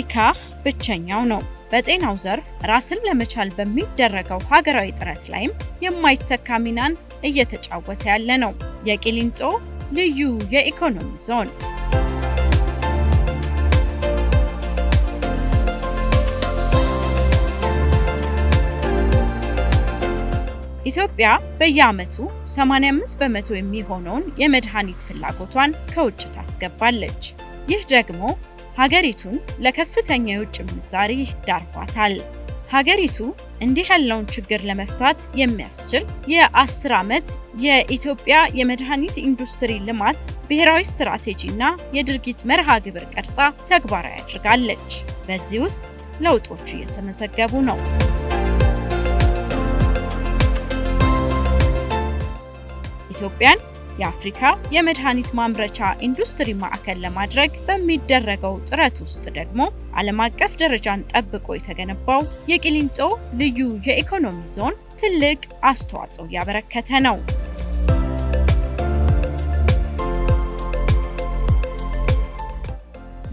አፍሪካ ብቸኛው ነው። በጤናው ዘርፍ ራስን ለመቻል በሚደረገው ሀገራዊ ጥረት ላይም የማይተካ ሚናን እየተጫወተ ያለ ነው የቂሊንጦ ልዩ የኢኮኖሚ ዞን። ኢትዮጵያ በየዓመቱ 85 በመቶ የሚሆነውን የመድኃኒት ፍላጎቷን ከውጭ ታስገባለች። ይህ ደግሞ ሀገሪቱን ለከፍተኛ የውጭ ምንዛሪ ዳርጓታል። ሀገሪቱ እንዲህ ያለውን ችግር ለመፍታት የሚያስችል የአስር ዓመት የኢትዮጵያ የመድኃኒት ኢንዱስትሪ ልማት ብሔራዊ ስትራቴጂና የድርጊት መርሃ ግብር ቀርጻ ተግባራዊ አድርጋለች። በዚህ ውስጥ ለውጦቹ እየተመዘገቡ ነው። ኢትዮጵያን የአፍሪካ የመድኃኒት ማምረቻ ኢንዱስትሪ ማዕከል ለማድረግ በሚደረገው ጥረት ውስጥ ደግሞ ዓለም አቀፍ ደረጃን ጠብቆ የተገነባው የቂሊንጦ ልዩ የኢኮኖሚ ዞን ትልቅ አስተዋጽኦ እያበረከተ ነው።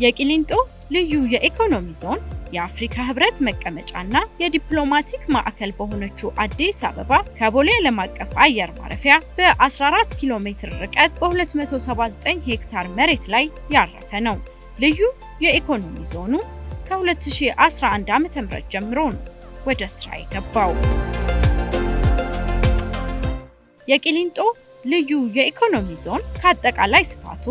የቂሊንጦ ልዩ የኢኮኖሚ ዞን የአፍሪካ ህብረት መቀመጫና የዲፕሎማቲክ ማዕከል በሆነችው አዲስ አበባ ከቦሌ ዓለም አቀፍ አየር ማረፊያ በ14 ኪሎ ሜትር ርቀት በ279 ሄክታር መሬት ላይ ያረፈ ነው። ልዩ የኢኮኖሚ ዞኑ ከ2011 ዓ.ም ጀምሮ ነው ወደ ስራ የገባው። የቂሊንጦ ልዩ የኢኮኖሚ ዞን ከአጠቃላይ ስፋቱ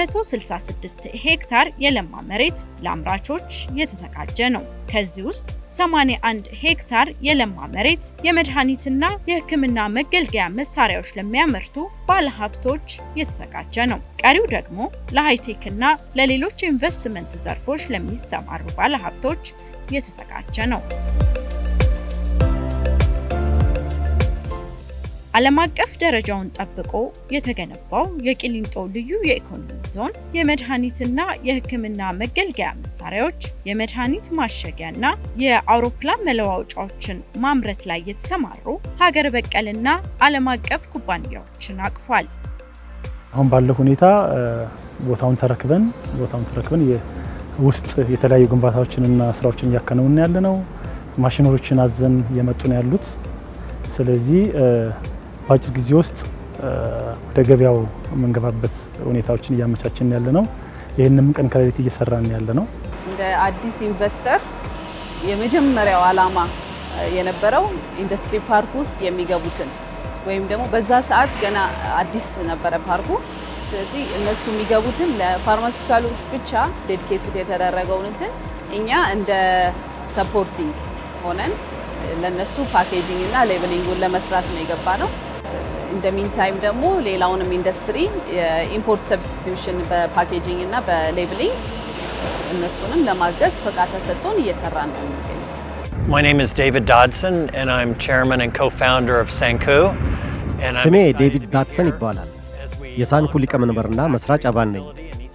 166 ሄክታር የለማ መሬት ለአምራቾች የተዘጋጀ ነው። ከዚህ ውስጥ 81 ሄክታር የለማ መሬት የመድኃኒትና የሕክምና መገልገያ መሳሪያዎች ለሚያመርቱ ባለሀብቶች የተዘጋጀ ነው። ቀሪው ደግሞ ለሃይቴክና ለሌሎች ኢንቨስትመንት ዘርፎች ለሚሰማሩ ባለሀብቶች የተዘጋጀ ነው። ዓለም አቀፍ ደረጃውን ጠብቆ የተገነባው የቂሊንጦ ልዩ የኢኮኖሚ ዞን የመድኃኒትና የሕክምና መገልገያ መሳሪያዎች፣ የመድኃኒት ማሸጊያና የአውሮፕላን መለዋወጫዎችን ማምረት ላይ የተሰማሩ ሀገር በቀልና ዓለም አቀፍ ኩባንያዎችን አቅፏል። አሁን ባለው ሁኔታ ቦታውን ተረክበን ቦታውን ተረክበን ውስጥ የተለያዩ ግንባታዎችንና ስራዎችን እያከናወንን ያለ ነው። ማሽኖሮችን አዘን እየመጡ ነው ያሉት። ስለዚህ በአጭር ጊዜ ውስጥ ወደ ገበያው የምንገባበት ሁኔታዎችን እያመቻችን ያለ ነው። ይህንም ቀን ከሌሊት እየሰራን ያለ ነው። እንደ አዲስ ኢንቨስተር የመጀመሪያው ዓላማ የነበረው ኢንዱስትሪ ፓርክ ውስጥ የሚገቡትን ወይም ደግሞ በዛ ሰዓት ገና አዲስ ነበረ ፓርኩ። ስለዚህ እነሱ የሚገቡትን ለፋርማሲቲካሎች ብቻ ዴዲኬትድ የተደረገውን እንትን እኛ እንደ ሰፖርቲንግ ሆነን ለእነሱ ፓኬጂንግ እና ሌብሊንጉን ለመስራት ነው የገባ ነው። ኢን ደግሞ ሌላውንም ኢንዱስትሪ የኢምፖርት ሰብስቲቱሽን በፓኬጂንግ እና በሌብሊንግ እነሱንም ለማገዝ ፈቃድ ተሰጥቶን እየሰራ ነው የሚገኘው። My name is David Dodson and I'm chairman and co-founder of Sanku. ስሜ ዴቪድ ዳትሰን ይባላል። የሳንኩ ሊቀመንበርና መስራች አባል ነኝ።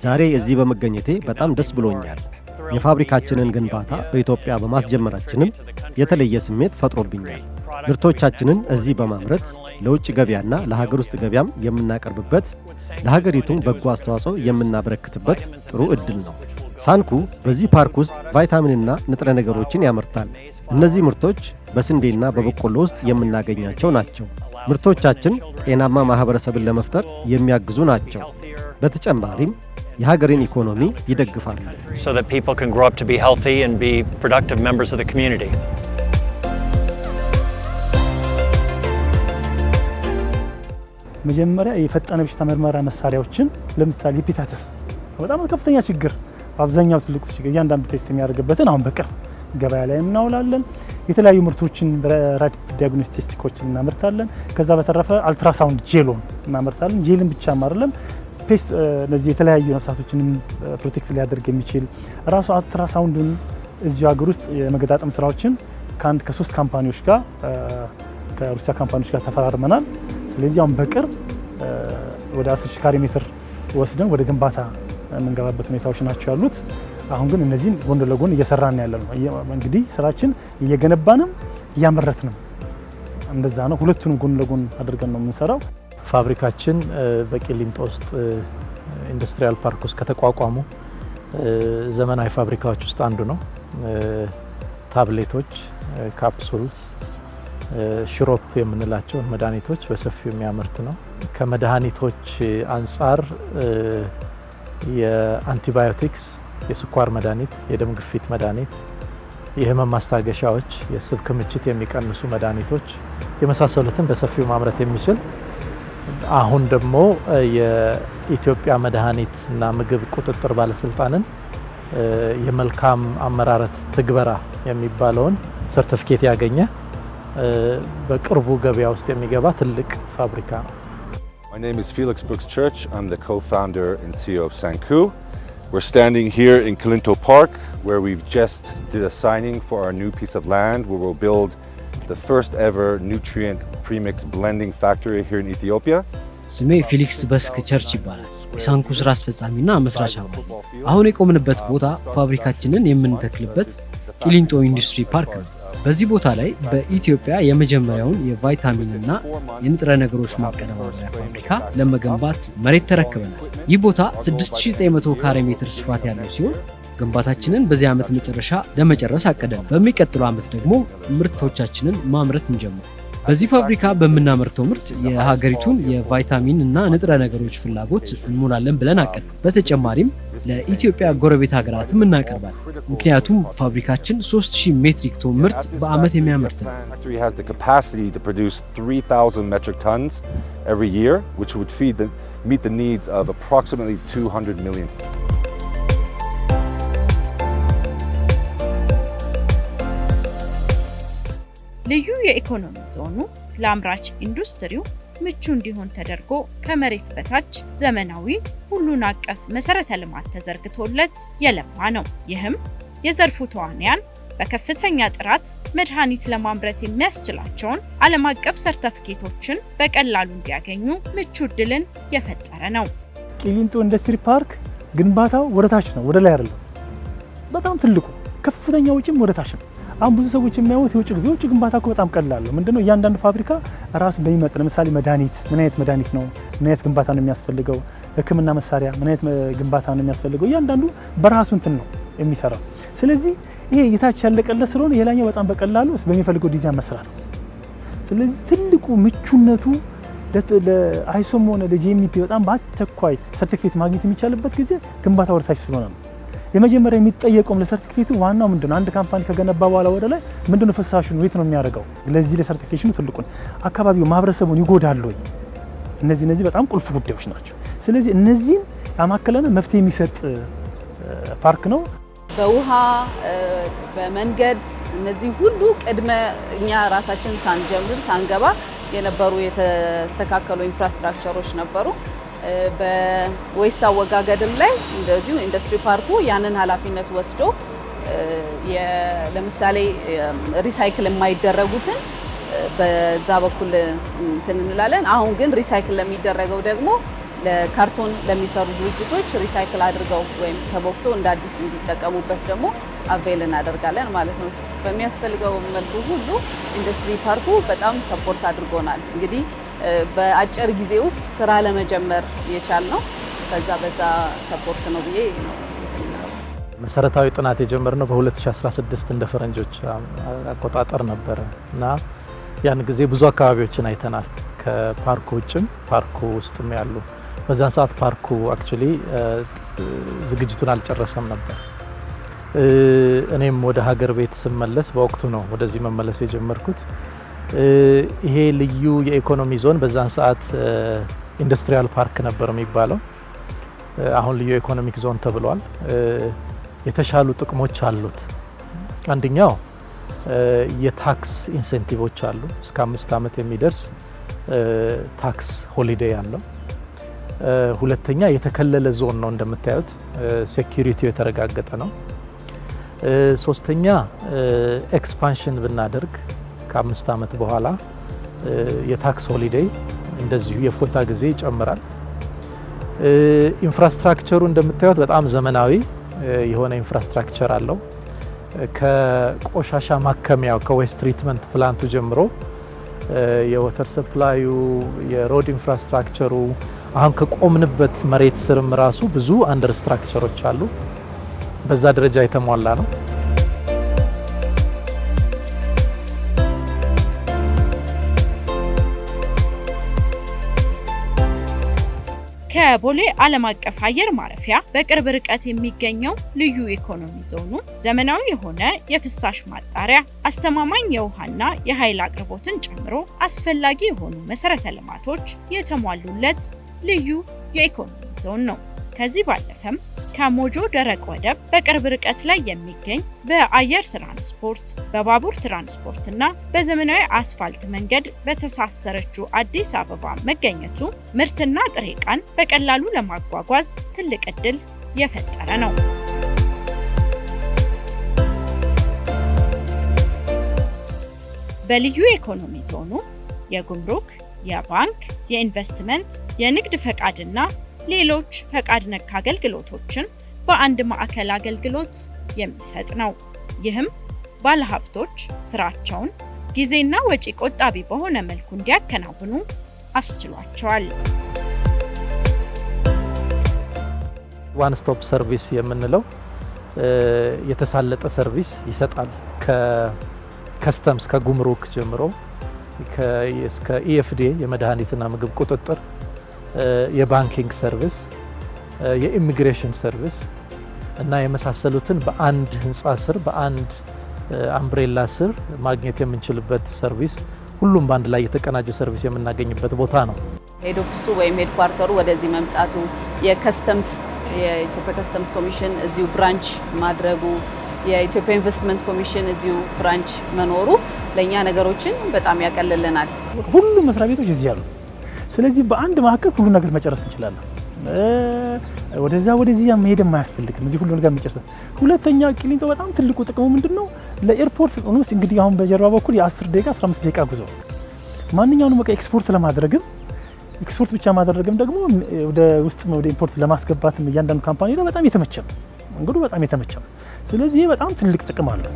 ዛሬ እዚህ በመገኘቴ በጣም ደስ ብሎኛል። የፋብሪካችንን ግንባታ በኢትዮጵያ በማስጀመራችንም የተለየ ስሜት ፈጥሮብኛል። ምርቶቻችንን እዚህ በማምረት ለውጭ ገበያና ለሀገር ውስጥ ገበያም የምናቀርብበት ለሀገሪቱም በጎ አስተዋጽኦ የምናበረክትበት ጥሩ ዕድል ነው። ሳንኩ በዚህ ፓርክ ውስጥ ቫይታሚንና ንጥረ ነገሮችን ያመርታል። እነዚህ ምርቶች በስንዴና በበቆሎ ውስጥ የምናገኛቸው ናቸው። ምርቶቻችን ጤናማ ማኅበረሰብን ለመፍጠር የሚያግዙ ናቸው። በተጨማሪም የሀገርን ኢኮኖሚ ይደግፋሉ። መጀመሪያ የፈጠነ በሽታ ምርመራ መሳሪያዎችን ለምሳሌ ሂፒታተስ በጣም ከፍተኛ ችግር በአብዛኛው ትልቁ ችግር እያንዳንዱ ቴስት የሚያደርግበትን አሁን በቅርብ ገበያ ላይ እናውላለን። የተለያዩ ምርቶችን ራፒድ ዲያግኖስቲክሶችን እናመርታለን። ከዛ በተረፈ አልትራሳውንድ ጄሎን እናመርታለን። ጄልን ብቻ ማርለም ፔስት እነዚህ የተለያዩ ነፍሳቶችንም ፕሮቴክት ሊያደርግ የሚችል ራሱ አልትራሳውንድን እዚሁ ሀገር ውስጥ የመገጣጠም ስራዎችን ከአንድ ከሶስት ካምፓኒዎች ጋር ከሩሲያ ካምፓኒዎች ጋር ተፈራርመናል። ስለዚህ አሁን በቅርብ ወደ 10 ካሬ ሜትር ወስደን ወደ ግንባታ የምንገባበት ሁኔታዎች ናቸው ያሉት። አሁን ግን እነዚህን ጎን ለጎን እየሰራን ያለ ነው። እንግዲህ ስራችን እየገነባንም እያመረትንም እንደዛ ነው። ሁለቱንም ጎን ለጎን አድርገን ነው የምንሰራው። ፋብሪካችን በቂሊንጦ ውስጥ ኢንዱስትሪያል ፓርክ ውስጥ ከተቋቋሙ ዘመናዊ ፋብሪካዎች ውስጥ አንዱ ነው። ታብሌቶች፣ ካፕሱልስ ሽሮፕ የምንላቸውን መድኃኒቶች በሰፊው የሚያመርት ነው። ከመድኃኒቶች አንጻር የአንቲባዮቲክስ፣ የስኳር መድኃኒት፣ የደም ግፊት መድኃኒት፣ የህመም ማስታገሻዎች፣ የስብ ክምችት የሚቀንሱ መድኃኒቶች የመሳሰሉትን በሰፊው ማምረት የሚችል አሁን ደግሞ የኢትዮጵያ መድኃኒት እና ምግብ ቁጥጥር ባለስልጣንን የመልካም አመራረት ትግበራ የሚባለውን ሰርቲፊኬት ያገኘ በቅርቡ ገበያ ውስጥ የሚገባ ትልቅ ፋብሪካ ነው። My name is Felix Brooks Church. I'm the co-founder and CEO of Sanku. We're standing here in Kilinto Park where we've just did a signing for our new piece of land where we'll build the first ever nutrient premix blending factory here in Ethiopia. ስሜ ፊሊክስ በስክ ቸርች ይባላል። የሳንኩ ስራ አስፈጻሚና መስራች አባል። አሁን የቆምንበት ቦታ ፋብሪካችንን የምንተክልበት ቂሊንጦ ኢንዱስትሪ ፓርክ ነው። በዚህ ቦታ ላይ በኢትዮጵያ የመጀመሪያውን የቫይታሚንና የንጥረ ነገሮች ማቀነባበሪያ ፋብሪካ ለመገንባት መሬት ተረክበናል። ይህ ቦታ 6900 ካሬ ሜትር ስፋት ያለው ሲሆን ግንባታችንን በዚህ ዓመት መጨረሻ ለመጨረስ አቀደም። በሚቀጥለው ዓመት ደግሞ ምርቶቻችንን ማምረት እንጀምር። በዚህ ፋብሪካ በምናመርተው ምርት የሀገሪቱን የቫይታሚን እና ንጥረ ነገሮች ፍላጎት እንሞላለን ብለን አቀድ። በተጨማሪም ለኢትዮጵያ ጎረቤት ሀገራትም እናቀርባል። ምክንያቱም ፋብሪካችን 3000 ሜትሪክ ቶን ምርት በዓመት የሚያመርት ነው። ልዩ የኢኮኖሚ ዞኑ ለአምራች ኢንዱስትሪው ምቹ እንዲሆን ተደርጎ ከመሬት በታች ዘመናዊ ሁሉን አቀፍ መሰረተ ልማት ተዘርግቶለት የለማ ነው። ይህም የዘርፉ ተዋንያን በከፍተኛ ጥራት መድኃኒት ለማምረት የሚያስችላቸውን ዓለም አቀፍ ሰርተፍኬቶችን በቀላሉ እንዲያገኙ ምቹ እድልን የፈጠረ ነው። ቂሊንጦ ኢንዱስትሪ ፓርክ ግንባታው ወደታች ነው፣ ወደ ላይ አይደለም። በጣም ትልቁ ከፍተኛ ውጪም ወደታች ነው። አሁን ብዙ ሰዎች የሚያዩት የውጭ የውጭ ግንባታ እኮ በጣም ቀላል ነው። ምንድነው እያንዳንዱ ፋብሪካ ራሱ በሚመጥን ለምሳሌ መድኃኒት ምን አይነት መድኃኒት ነው ምን አይነት ግንባታ ነው የሚያስፈልገው፣ ሕክምና መሳሪያ ምን አይነት ግንባታ ነው የሚያስፈልገው፣ እያንዳንዱ በራሱ እንትን ነው የሚሰራው። ስለዚህ ይሄ የታች ያለቀለት ስለሆነ የላኛው በጣም በቀላሉ በሚፈልገው ዲዛይን መስራት ነው። ስለዚህ ትልቁ ምቹነቱ ለአይሶም ሆነ ለጂኤምፒ በጣም በአስቸኳይ ሰርቲፊኬት ማግኘት የሚቻልበት ጊዜ ግንባታ ወደታች ስለሆነ ነው። የመጀመሪያ የሚጠየቀውም ለሰርቲፊኬቱ ዋናው ምንድን ነው? አንድ ካምፓኒ ከገነባ በኋላ ወደ ላይ ምንድን ነው ፍሳሹን የት ነው የሚያደርገው? ለዚህ ለሰርቲፊኬሽኑ ትልቁን አካባቢው ማህበረሰቡን ይጎዳሉ ወይ? እነዚህ እነዚህ በጣም ቁልፍ ጉዳዮች ናቸው። ስለዚህ እነዚህን ያማከለነ መፍትሄ የሚሰጥ ፓርክ ነው። በውሃ በመንገድ እነዚህ ሁሉ ቅድመ እኛ ራሳችን ሳንጀምር ሳንገባ የነበሩ የተስተካከሉ ኢንፍራስትራክቸሮች ነበሩ። በዌስት አወጋገድም ላይ እንደዚሁ ኢንዱስትሪ ፓርኩ ያንን ኃላፊነት ወስዶ ለምሳሌ ሪሳይክል የማይደረጉትን በዛ በኩል እንትን እንላለን። አሁን ግን ሪሳይክል ለሚደረገው ደግሞ ለካርቶን ለሚሰሩ ድርጅቶች ሪሳይክል አድርገው ወይም ተቦክቶ እንደ አዲስ እንዲጠቀሙበት ደግሞ አቬል እናደርጋለን ማለት ነው። በሚያስፈልገው መልኩ ሁሉ ኢንዱስትሪ ፓርኩ በጣም ሰፖርት አድርጎናል እንግዲህ በአጭር ጊዜ ውስጥ ስራ ለመጀመር ነው። በዛ በዛ ሰፖርት ነው ብዬ ነው። መሰረታዊ ጥናት የጀመርነው በ2016 እንደ ፈረንጆች አቆጣጠር ነበረ እና ያን ጊዜ ብዙ አካባቢዎችን አይተናል። ከፓርኩ ውጭም ፓርኩ ውስጥም ያሉ በዛን ሰዓት ፓርኩ አክቹሊ ዝግጅቱን አልጨረሰም ነበር። እኔም ወደ ሀገር ቤት ስመለስ በወቅቱ ነው ወደዚህ መመለስ የጀመርኩት። ይሄ ልዩ የኢኮኖሚ ዞን በዛን ሰዓት ኢንዱስትሪያል ፓርክ ነበር የሚባለው። አሁን ልዩ ኢኮኖሚክ ዞን ተብሏል። የተሻሉ ጥቅሞች አሉት። አንደኛው የታክስ ኢንሴንቲቮች አሉ። እስከ አምስት ዓመት የሚደርስ ታክስ ሆሊዴይ አለው። ሁለተኛ የተከለለ ዞን ነው እንደምታዩት፣ ሴኪሪቲው የተረጋገጠ ነው። ሶስተኛ ኤክስፓንሽን ብናደርግ ከአምስት ዓመት በኋላ የታክስ ሆሊዴይ እንደዚሁ የፎታ ጊዜ ይጨምራል። ኢንፍራስትራክቸሩ እንደምታዩት በጣም ዘመናዊ የሆነ ኢንፍራስትራክቸር አለው። ከቆሻሻ ማከሚያው ከዌስት ትሪትመንት ፕላንቱ ጀምሮ የወተር ሰፕላዩ፣ የሮድ ኢንፍራስትራክቸሩ አሁን ከቆምንበት መሬት ስርም ራሱ ብዙ አንደር ስትራክቸሮች አሉ። በዛ ደረጃ የተሟላ ነው። ከቦሌ ዓለም አቀፍ አየር ማረፊያ በቅርብ ርቀት የሚገኘው ልዩ ኢኮኖሚ ዞኑ ዘመናዊ የሆነ የፍሳሽ ማጣሪያ፣ አስተማማኝ የውሃና የኃይል አቅርቦትን ጨምሮ አስፈላጊ የሆኑ መሰረተ ልማቶች የተሟሉለት ልዩ የኢኮኖሚ ዞን ነው። ከዚህ ባለፈም ከሞጆ ደረቅ ወደብ በቅርብ ርቀት ላይ የሚገኝ በአየር ትራንስፖርት፣ በባቡር ትራንስፖርት እና በዘመናዊ አስፋልት መንገድ በተሳሰረችው አዲስ አበባ መገኘቱ ምርትና ጥሬ ዕቃን በቀላሉ ለማጓጓዝ ትልቅ ዕድል የፈጠረ ነው። በልዩ ኢኮኖሚ ዞኑ የጉምሩክ፣ የባንክ፣ የኢንቨስትመንት፣ የንግድ ፈቃድና ሌሎች ፈቃድ ነክ አገልግሎቶችን በአንድ ማዕከል አገልግሎት የሚሰጥ ነው። ይህም ባለሀብቶች ስራቸውን ጊዜና ወጪ ቆጣቢ በሆነ መልኩ እንዲያከናውኑ አስችሏቸዋል። ዋን ስቶፕ ሰርቪስ የምንለው የተሳለጠ ሰርቪስ ይሰጣል። ከከስተምስ ከጉምሩክ ጀምሮ እስከ ኢኤፍዲኤ የመድኃኒትና ምግብ ቁጥጥር የባንኪንግ ሰርቪስ፣ የኢሚግሬሽን ሰርቪስ እና የመሳሰሉትን በአንድ ህንፃ ስር በአንድ አምብሬላ ስር ማግኘት የምንችልበት ሰርቪስ ሁሉም በአንድ ላይ የተቀናጀ ሰርቪስ የምናገኝበት ቦታ ነው። ሄድ ኦፊሱ ወይም ሄድ ኳርተሩ ወደዚህ መምጣቱ የከስተምስ የኢትዮጵያ ከስተምስ ኮሚሽን እዚሁ ብራንች ማድረጉ የኢትዮጵያ ኢንቨስትመንት ኮሚሽን እዚሁ ብራንች መኖሩ ለእኛ ነገሮችን በጣም ያቀልልናል። ሁሉም መስሪያ ቤቶች እዚህ አሉ። ስለዚህ በአንድ መካከል ሁሉ ነገር መጨረስ እንችላለን። ወደዛ ወደዚህ መሄድ የማያስፈልግም፣ እዚህ ሁሉ ነገር የሚጨርስ። ሁለተኛ ቂሊንጦ በጣም ትልቁ ጥቅሙ ምንድን ነው? ለኤርፖርት ስ እንግዲህ አሁን በጀርባ በኩል የ10 ደቂቃ 15 ደቂቃ ጉዞ ማንኛውንም በቃ ኤክስፖርት ለማድረግም ኤክስፖርት ብቻ ማድረግም ደግሞ ወደ ውስጥ ወደ ኢምፖርት ለማስገባትም እያንዳንዱ ካምፓኒ ላይ በጣም የተመቸ ነው መንገዱ፣ በጣም የተመቸ ነው። ስለዚህ ይሄ በጣም ትልቅ ጥቅም አለው።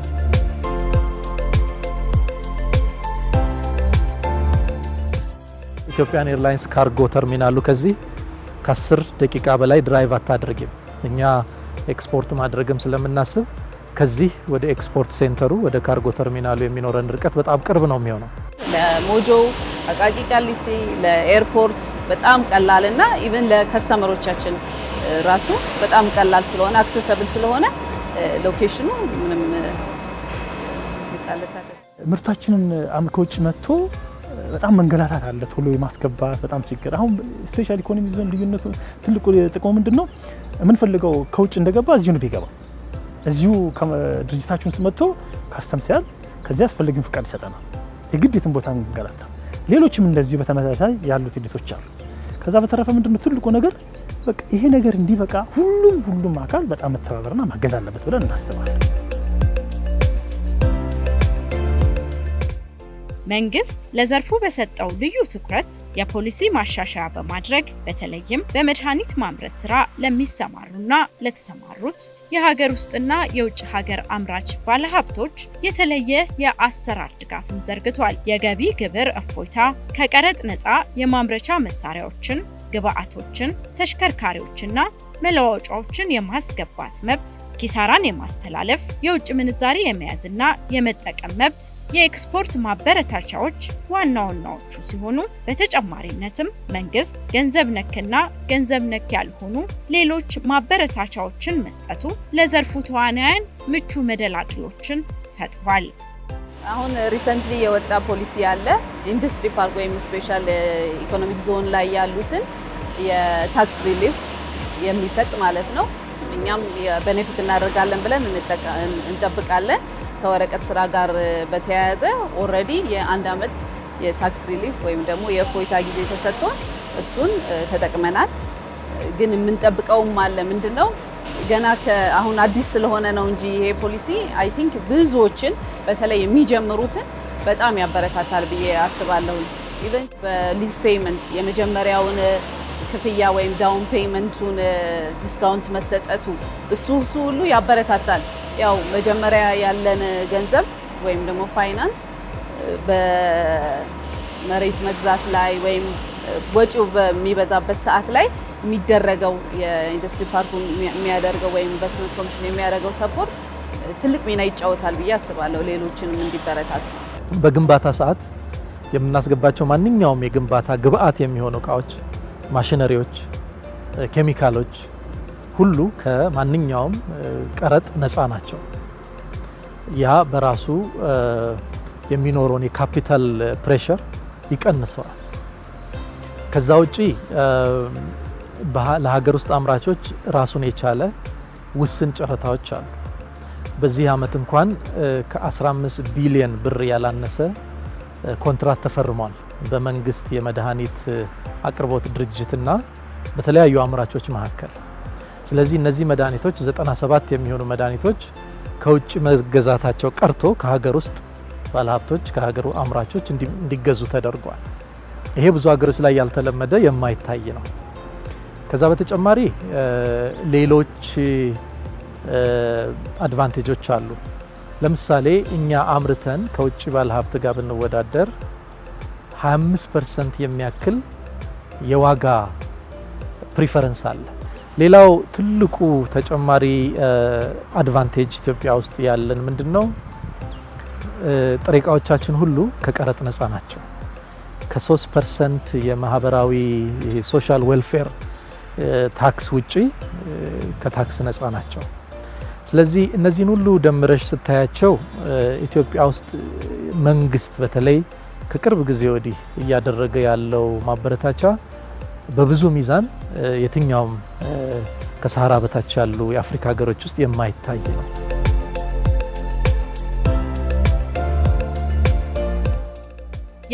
ኢትዮጵያን ኤርላይንስ ካርጎ ተርሚናሉ ከዚህ ከ10 ደቂቃ በላይ ድራይቭ አታደርግም። እኛ ኤክስፖርት ማድረግም ስለምናስብ ከዚህ ወደ ኤክስፖርት ሴንተሩ ወደ ካርጎ ተርሚናሉ የሚኖረን ርቀት በጣም ቅርብ ነው የሚሆነው። ለሞጆ አቃቂ ቃሊቲ፣ ለኤርፖርት በጣም ቀላል እና ኢቨን ለከስተመሮቻችን ራሱ በጣም ቀላል ስለሆነ አክሰሰብል ስለሆነ ሎኬሽኑ ምንም ምርታችንን ከውጭ መጥቶ በጣም መንገላታት አለ። ቶሎ የማስገባት በጣም ችግር። አሁን ስፔሻል ኢኮኖሚ ዞን ልዩነቱ ትልቁ ጥቅሙ ምንድን ነው? የምንፈልገው ከውጭ እንደገባ እዚሁ ነው ቢገባ እዚሁ ድርጅታችን ውስጥ መጥቶ ካስተም ሲያል ከዚህ አስፈላጊውን ፍቃድ ይሰጠናል። የግድ ቦታ እንገላታ። ሌሎችም እንደዚሁ በተመሳሳይ ያሉት ሂደቶች አሉ። ከዛ በተረፈ ምንድነው ትልቁ ነገር ይሄ ነገር እንዲበቃ ሁሉም ሁሉም አካል በጣም መተባበርና ማገዝ አለበት ብለን እናስባለን። መንግስት ለዘርፉ በሰጠው ልዩ ትኩረት የፖሊሲ ማሻሻያ በማድረግ በተለይም በመድኃኒት ማምረት ስራ ለሚሰማሩና ለተሰማሩት የሀገር ውስጥና የውጭ ሀገር አምራች ባለሀብቶች የተለየ የአሰራር ድጋፍን ዘርግቷል። የገቢ ግብር እፎይታ፣ ከቀረጥ ነፃ የማምረቻ መሳሪያዎችን፣ ግብዓቶችን፣ ተሽከርካሪዎችና መለዋወጫዎችን የማስገባት መብት፣ ኪሳራን የማስተላለፍ፣ የውጭ ምንዛሪ የመያዝና የመጠቀም መብት የኤክስፖርት ማበረታቻዎች ዋና ዋናዎቹ ሲሆኑ በተጨማሪነትም መንግስት ገንዘብ ነክና ገንዘብ ነክ ያልሆኑ ሌሎች ማበረታቻዎችን መስጠቱ ለዘርፉ ተዋናያን ምቹ መደላድሎችን ፈጥሯል። አሁን ሪሰንትሊ የወጣ ፖሊሲ አለ። ኢንዱስትሪ ፓርክ ወይም ስፔሻል ኢኮኖሚክ ዞን ላይ ያሉትን የታክስ ሪሊፍ የሚሰጥ ማለት ነው። እኛም በኔፊት እናደርጋለን ብለን እንጠብቃለን። ከወረቀት ስራ ጋር በተያያዘ ኦልሬዲ የአንድ ዓመት የታክስ ሪሊፍ ወይም ደግሞ የእፎይታ ጊዜ ተሰጥቷል። እሱን ተጠቅመናል። ግን የምንጠብቀውም አለ። ምንድን ነው ገና አሁን አዲስ ስለሆነ ነው እንጂ ይሄ ፖሊሲ አይ ቲንክ ብዙዎችን በተለይ የሚጀምሩትን በጣም ያበረታታል ብዬ አስባለሁ። ኢቨን በሊዝ ፔይመንት የመጀመሪያውን ክፍያ ወይም ዳውን ፔይመንቱን ዲስካውንት መሰጠቱ እሱ እሱ ሁሉ ያበረታታል። ያው መጀመሪያ ያለን ገንዘብ ወይም ደግሞ ፋይናንስ በመሬት መግዛት ላይ ወይም ወጪው በሚበዛበት ሰዓት ላይ የሚደረገው የኢንዱስትሪ ፓርኩ የሚያደርገው ወይም ኢንቨስትመንት ኮሚሽን የሚያደርገው ሰፖርት ትልቅ ሚና ይጫወታል ብዬ አስባለሁ። ሌሎችንም እንዲበረታቱ በግንባታ ሰዓት የምናስገባቸው ማንኛውም የግንባታ ግብአት የሚሆኑ እቃዎች ማሽነሪዎች፣ ኬሚካሎች ሁሉ ከማንኛውም ቀረጥ ነፃ ናቸው። ያ በራሱ የሚኖረውን የካፒታል ፕሬሸር ይቀንሰዋል። ከዛ ውጪ ለሀገር ውስጥ አምራቾች ራሱን የቻለ ውስን ጨረታዎች አሉ። በዚህ ዓመት እንኳን ከ15 ቢሊዮን ብር ያላነሰ ኮንትራት ተፈርሟል። በመንግስት የመድኃኒት አቅርቦት ድርጅትና በተለያዩ አምራቾች መካከል። ስለዚህ እነዚህ መድኃኒቶች 97 የሚሆኑ መድኃኒቶች ከውጭ መገዛታቸው ቀርቶ ከሀገር ውስጥ ባለሀብቶች ከሀገሩ አምራቾች እንዲገዙ ተደርጓል። ይሄ ብዙ ሀገሮች ላይ ያልተለመደ የማይታይ ነው። ከዛ በተጨማሪ ሌሎች አድቫንቴጆች አሉ። ለምሳሌ እኛ አምርተን ከውጭ ባለሀብት ጋር ብንወዳደር 25 ፐርሰንት የሚያክል የዋጋ ፕሪፈረንስ አለ። ሌላው ትልቁ ተጨማሪ አድቫንቴጅ ኢትዮጵያ ውስጥ ያለን ምንድን ነው? ጥሬ እቃዎቻችን ሁሉ ከቀረጥ ነፃ ናቸው። ከ3 ፐርሰንት የማህበራዊ ሶሻል ዌልፌር ታክስ ውጪ ከታክስ ነፃ ናቸው። ስለዚህ እነዚህን ሁሉ ደምረሽ ስታያቸው ኢትዮጵያ ውስጥ መንግስት በተለይ ከቅርብ ጊዜ ወዲህ እያደረገ ያለው ማበረታቻ በብዙ ሚዛን የትኛውም ከሰሃራ በታች ያሉ የአፍሪካ ሀገሮች ውስጥ የማይታይ ነው።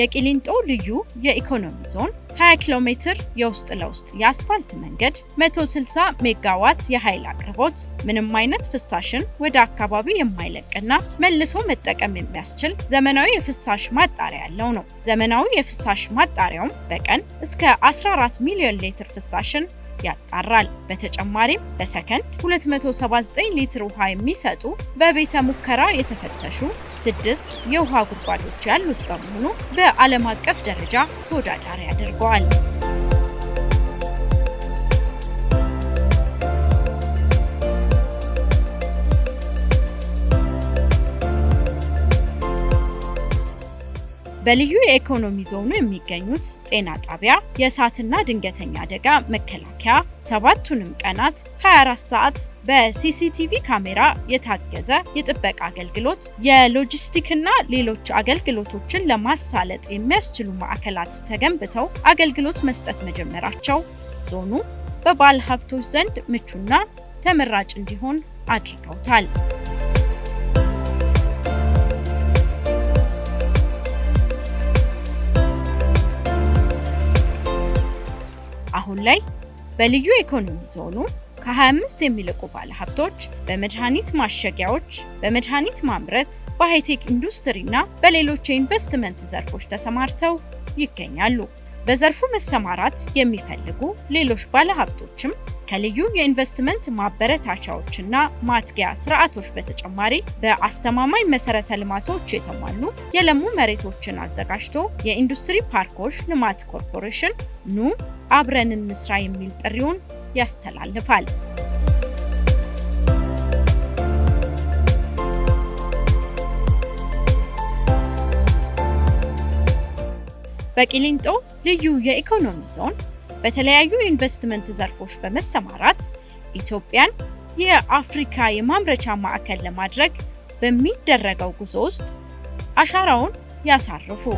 የቂሊንጦ ልዩ የኢኮኖሚ ዞን 20 ኪሎ ሜትር የውስጥ ለውስጥ የአስፋልት መንገድ፣ 160 ሜጋዋት የኃይል አቅርቦት፣ ምንም አይነት ፍሳሽን ወደ አካባቢ የማይለቅና መልሶ መጠቀም የሚያስችል ዘመናዊ የፍሳሽ ማጣሪያ ያለው ነው። ዘመናዊ የፍሳሽ ማጣሪያውም በቀን እስከ 14 ሚሊዮን ሊትር ፍሳሽን ያጣራል። በተጨማሪም በሰከንድ 279 ሊትር ውሃ የሚሰጡ በቤተ ሙከራ የተፈተሹ ስድስት የውሃ ጉድጓዶች ያሉት በመሆኑ በዓለም አቀፍ ደረጃ ተወዳዳሪ ያደርገዋል። በልዩ የኢኮኖሚ ዞኑ የሚገኙት ጤና ጣቢያ፣ የእሳትና ድንገተኛ አደጋ መከላከያ ሰባቱንም ቀናት 24 ሰዓት በሲሲቲቪ ካሜራ የታገዘ የጥበቃ አገልግሎት፣ የሎጂስቲክና ሌሎች አገልግሎቶችን ለማሳለጥ የሚያስችሉ ማዕከላት ተገንብተው አገልግሎት መስጠት መጀመራቸው ዞኑ በባለ ሀብቶች ዘንድ ምቹና ተመራጭ እንዲሆን አድርገውታል። ላይ በልዩ ኢኮኖሚ ዞኑ ከ25 የሚልቁ ባለሀብቶች በመድኃኒት ማሸጊያዎች፣ በመድኃኒት ማምረት፣ በሃይቴክ ና በሌሎች የኢንቨስትመንት ዘርፎች ተሰማርተው ይገኛሉ። በዘርፉ መሰማራት የሚፈልጉ ሌሎች ባለሀብቶችም ከልዩ የኢንቨስትመንት ማበረታቻዎችና ማትጊያ ስርዓቶች በተጨማሪ በአስተማማኝ መሰረተ ልማቶች የተሟሉ የለሙ መሬቶችን አዘጋጅቶ የኢንዱስትሪ ፓርኮች ልማት ኮርፖሬሽን ኑ አብረን እንስራ የሚል ጥሪውን ያስተላልፋል። በቂሊንጦ ልዩ የኢኮኖሚ ዞን በተለያዩ ኢንቨስትመንት ዘርፎች በመሰማራት ኢትዮጵያን የአፍሪካ የማምረቻ ማዕከል ለማድረግ በሚደረገው ጉዞ ውስጥ አሻራውን ያሳርፉ።